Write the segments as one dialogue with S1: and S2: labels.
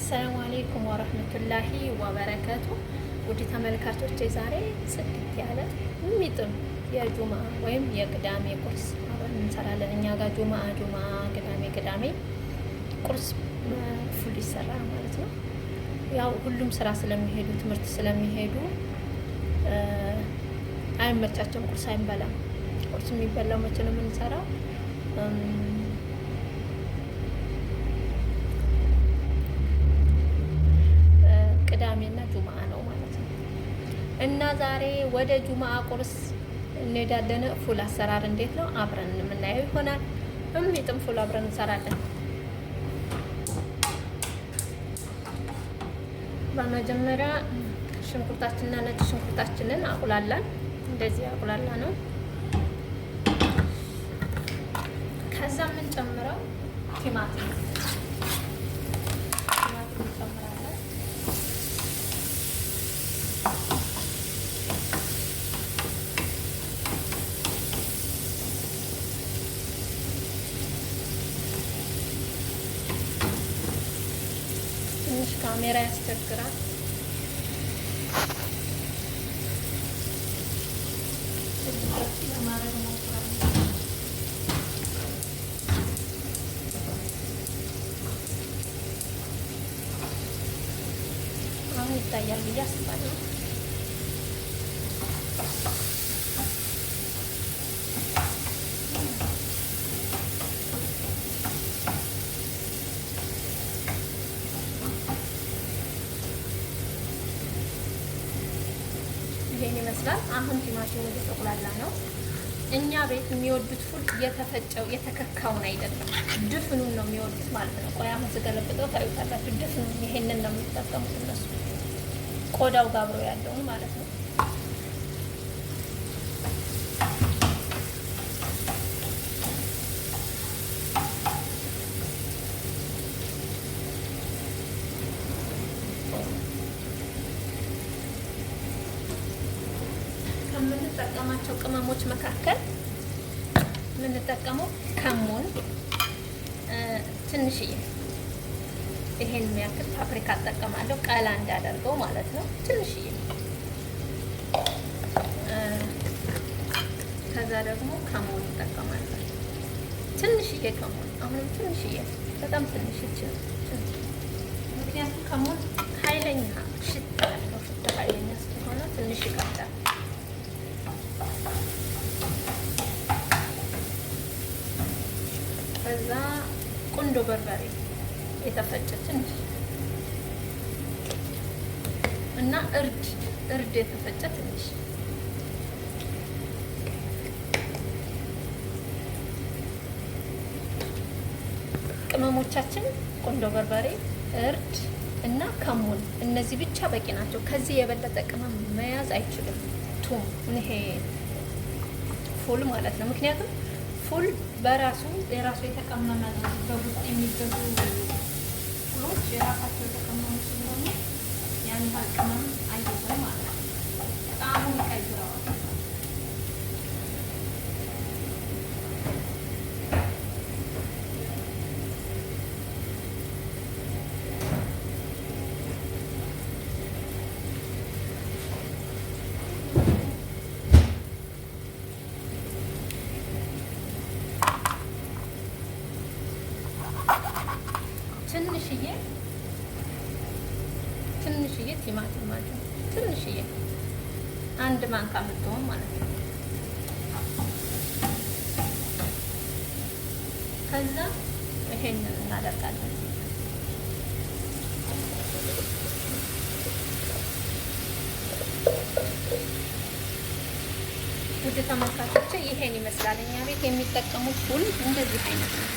S1: አሰላሙ አሌይኩም ወረህመቱላሂ ወበረከቱ። ውድ ተመልካቾች ዛሬ ጽድት ያለ የሚጥም የጁማ ወይም የቅዳሜ ቁርስ አብረን እንሰራለን። እኛ ጋር ጁማ ጁማ ቅዳሜ ቅዳሜ ቁርስ ፉል ይሰራ ማለት ነው። ያው ሁሉም ስራ ስለሚሄዱ ትምህርት ስለሚሄዱ አይመቻቸውም። ቁርስ አይንበላም። ቁርስ የሚበላው መቼ ነው የምንሰራው? ዛሬ ወደ ጁማ ቁርስ እንሄዳለን። ፉል አሰራር እንዴት ነው አብረን የምናየው ይሆናል። እሚጥም ፉል አብረን እንሰራለን። በመጀመሪያ ሽንኩርታችንና ነጭ ሽንኩርታችንን አቁላላን። እንደዚህ አቁላላ ነው። ከዛ የምንጨምረው ቲማቲም kamera yang sudah gerak yang biasa ይመስላል። አሁን ቲማቲሙ እየተቁላላ ነው። እኛ ቤት የሚወዱት ፉል የተፈጨው የተከካውን አይደለም፣ ድፍኑን ነው የሚወዱት ማለት ነው። ቆይ አሁን ስገለብጠው ታዩታላችሁ። ድፍኑን ይሄንን ነው የሚጠቀሙት እነሱ ቆዳው ጋብሮ ያለውን ማለት ነው። ከምንጠቀማቸው ቅመሞች መካከል የምንጠቀመው ከሙን ትንሽዬ ይሄን የሚያክል ፓፕሪካ እጠቀማለሁ፣ ቀላ እንዳደርገው ማለት ነው። ትንሽዬ ከዛ ደግሞ ከሙን እጠቀማለሁ፣ ትንሽዬ ከሙን። አሁንም ትንሽዬ፣ በጣም ትንሽ ይችል፣ ምክንያቱም ከሙን ኃይለኛ ሽታ ያለው ሽታ ኃይለኛ ስለሆነ ትንሽ ይቀዳል። ከዛ ቁንዶ በርበሬ የተፈጨ ትንሽ እና እርድ እርድ የተፈጨ ትንሽ ቅመሞቻችን ቁንዶ በርበሬ፣ እርድ እና ከሙን እነዚህ ብቻ በቂ ናቸው። ከዚህ የበለጠ ቅመም መያዝ አይችልም። ቱም ይሄ ፉል ማለት ነው። ምክንያቱም ፉል በራሱ የራሱ የተቀመመ ነው። በውስጥ የሚገቡ ፉሎች የራሳቸው የተቀመሙ ስለሆነ ያን አቅመም ትንሽዬ ትንሽዬ ቲማቲም ማለት ነው። ትንሽዬ አንድ ማንካ የምትሆን ማለት ነው። ከዛ ይሄንን እናደርጋለን። ውድ ተመልካቾቼ ይሄን ይመስላል እኛ ቤት የሚጠቀሙት ሁሉ እንደዚህ አይነት ነው።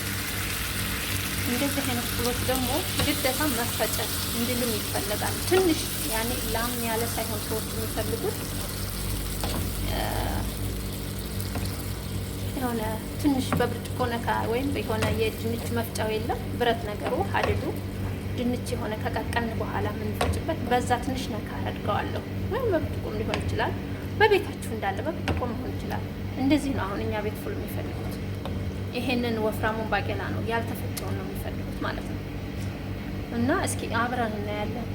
S1: እንደዚህ አይነት ቁሎች ደግሞ ግደታ መፈጨት እንድልም ይፈለጋል። ትንሽ ያኔ ላም ያለ ሳይሆን ሰዎች የሚፈልጉት የሆነ ትንሽ በብርጭቆ ነካ ወይም የሆነ የድንች መፍጫው የለም ብረት ነገሩ ሀድዱ ድንች የሆነ ከቀቀን በኋላ የምንፈጭበት በዛ ትንሽ ነካ አድርገዋለሁ። ወይም በብርጭቆም ሊሆን ይችላል፣ በቤታችሁ እንዳለ በብርጭቆ መሆን ይችላል። እንደዚህ ነው አሁን እኛ ቤት ፉል የሚፈልጉት። ይሄንን ወፍራሙን ባቄላ ነው ያልተፈጨው ነው ማለት ነው። እና እስኪ አብረን እናያለን።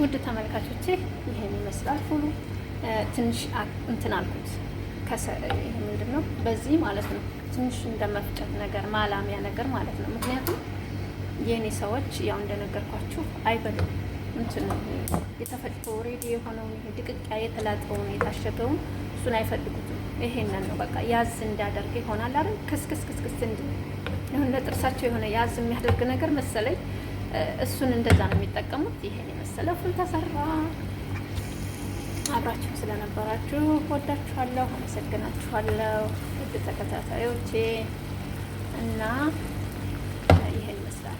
S1: ውድ ተመልካቾቼ ይሄን ይመስላል። ሁሉ ትንሽ እንትን አልኩት ይሄ ምንድን ነው በዚህ ማለት ነው። ትንሽ እንደ መፍጨት ነገር ማላሚያ ነገር ማለት ነው። ምክንያቱም የእኔ ሰዎች ያው እንደነገርኳችሁ አይበሉም እንትን የተፈጭቶ ሬዲ የሆነውን ይሄ ድቅቅያ የተላጠውን የታሸገውን እሱን አይፈልጉትም። ይሄንን ነው በቃ ያዝ እንዳደርግ ይሆናል አይደል ክስክስክስክስ እንዲ ይሁን ለጥርሳቸው የሆነ ያዝ የሚያደርግ ነገር መሰለኝ። እሱን እንደዛ ነው የሚጠቀሙት። ይሄን የመሰለ ፉል ተሰራ። አብራችሁ ስለነበራችሁ ወዳችኋለሁ፣ አመሰግናችኋለሁ ውድ ተከታታዮቼ እና ይሄን ይመስላል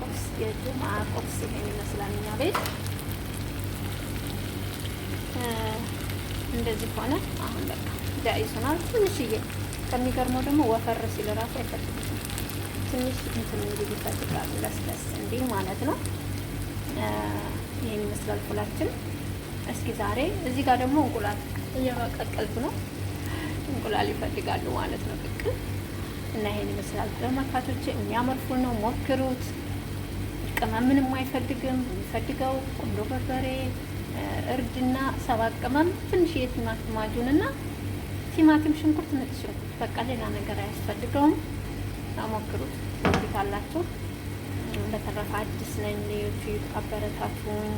S1: ቁርስ፣ የጁማ ቁርስ ይሄን ይመስላል እኛ ቤት እንደዚህ ሆነ። አሁን በቃ ዳይሱናል ትንሽዬ። ከሚገርመው ደግሞ ወፈር ሲል ራሱ አይፈልግም። ትንሽ እንትን እንግዲህ ይፈልጋሉ ለስለስ እንዲህ ማለት ነው። ይህን ይመስላል ቁላችን። እስኪ ዛሬ እዚህ ጋር ደግሞ እንቁላል እየቀቀልኩ ነው። እንቁላል ይፈልጋሉ ማለት ነው ቅቅል እና ይሄን ይመስላል ለመርካቶቼ። የሚያመርፉ ነው ሞክሩት። ቅመም ምንም አይፈልግም። የሚፈልገው ቁንዶ በርበሬ፣ እርድና ሰባት ቅመም፣ ትንሽ የቲማቲም ማጁን እና ቲማቲም፣ ሽንኩርት፣ ነጭ ሽንኩርት በቃ ሌላ ነገር አያስፈልገውም። ሞክሩት ካላችሁ። በተረፈ አዲስ ነኝ ዩቲዩብ አበረታቱን።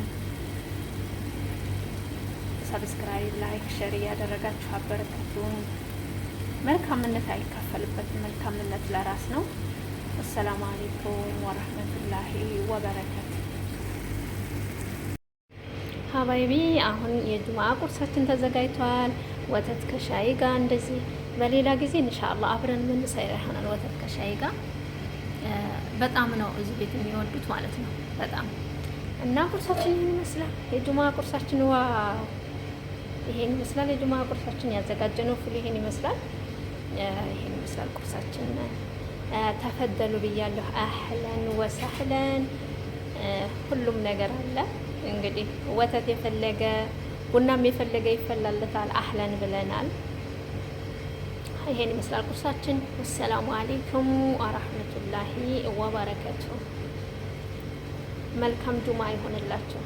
S1: ሰብስክራይብ፣ ላይክ፣ ሼር እያደረጋችሁ አበረታቱን። መልካምነት አይከፈልበት መልካምነት ለራስ ነው። አሰላሙ አሌይኩም ወረህመቱላሂ ወበረከቱ። ሀባይቢ አሁን የጁማ ቁርሳችን ተዘጋጅቷል። ወተት ከሻይ ጋር እንደዚህ በሌላ ጊዜ እንሻላ አብረን ምንሰራ ይሆናል። ወተት ከሻይ ጋር በጣም ነው እዚህ ቤት የሚወዱት ማለት ነው። በጣም እና ቁርሳችን ይህን ይመስላል። የጁማ ቁርሳችን ዋው ይሄን ይመስላል። የጁማ ቁርሳችን ያዘጋጀነው ፍሉ ይሄን ይመስላል። ይሄን ይመስላል ቁርሳችን። ተፈደሉ ብያለሁ። አህለን ወሰህለን ሁሉም ነገር አለ። እንግዲህ ወተት የፈለገ ቡናም የፈለገ ይፈላልታል። አህለን ብለናል። ይሄን ይመስላል ቁርሳችን። ወሰላሙ አሌይኩም ወራህመቱላሂ ወበረከቱ። መልካም ጁማ ይሆንላቸው።